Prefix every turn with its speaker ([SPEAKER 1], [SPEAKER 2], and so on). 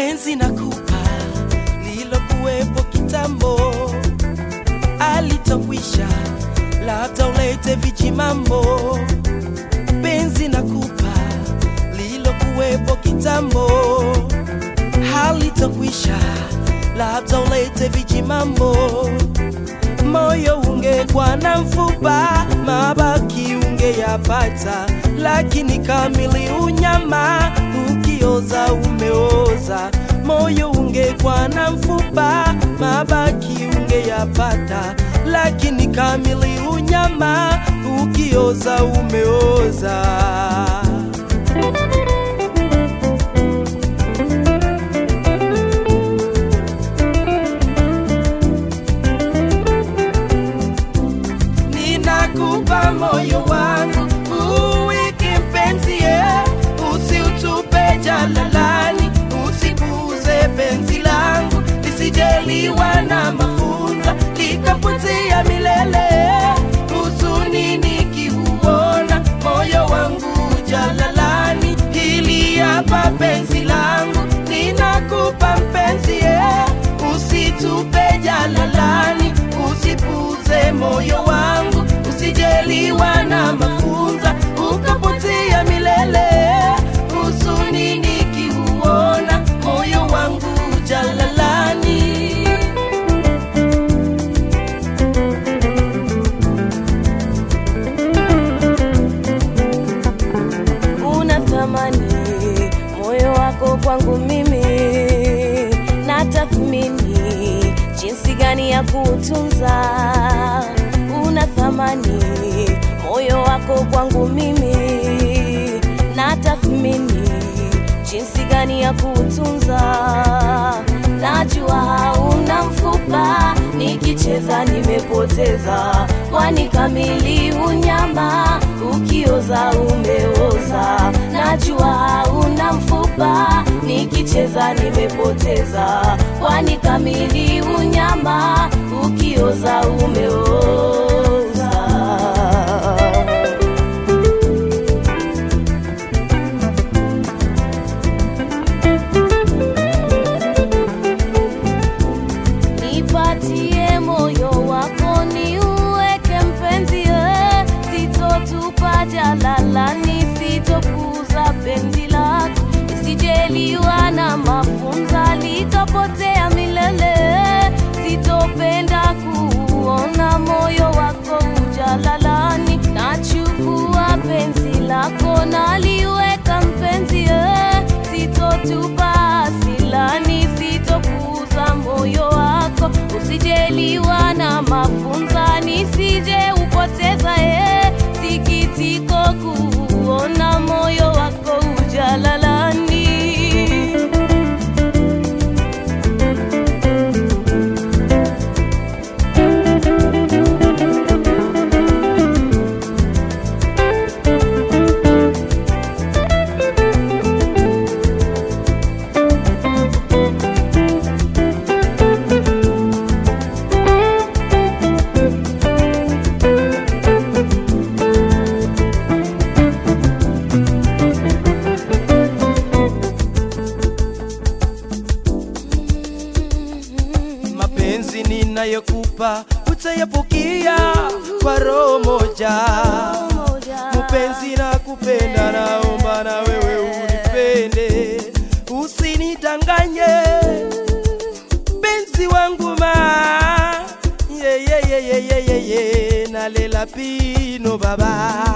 [SPEAKER 1] penzi kupa lilokuwepo kitambo, alitokwisha, labda ulete vijimambo. Penzi na kupa lilokuwepo kitambo, halitokwisha, labda ulete vijimambo. Moyo ungekuwa na mfupa, mabaki yapata lakini kamili unyama umeoza umeoza, moyo ungekwa na mfupa, mabaki ungeyapata, lakini kamili unyama ukioza umeoza milele
[SPEAKER 2] amani, moyo wako kwangu mimi, na tathmini jinsi gani ya kutunza. Una thamani, moyo wako kwangu mimi, na tathmini jinsi gani ya kutunza. Najua hauna mfupa, nikicheza nimepoteza, kwani kamili kucheza nimepoteza, kwani kamili unyama ukioza umeoza. Nipatie moyo wako niuweke mpenzi, eh, sitotupa jalala nisitopuza penzi lako nisijeliwa mafunza litapotea milele, sitopenda kuona moyo
[SPEAKER 1] unayokupa utayapokea kwa roho moja. Mpenzi na kupenda, naomba na wewe unipende, usinidanganye mpenzi wangu ma yeah, yeah, yeah, yeah, yeah, yeah. nalela pino baba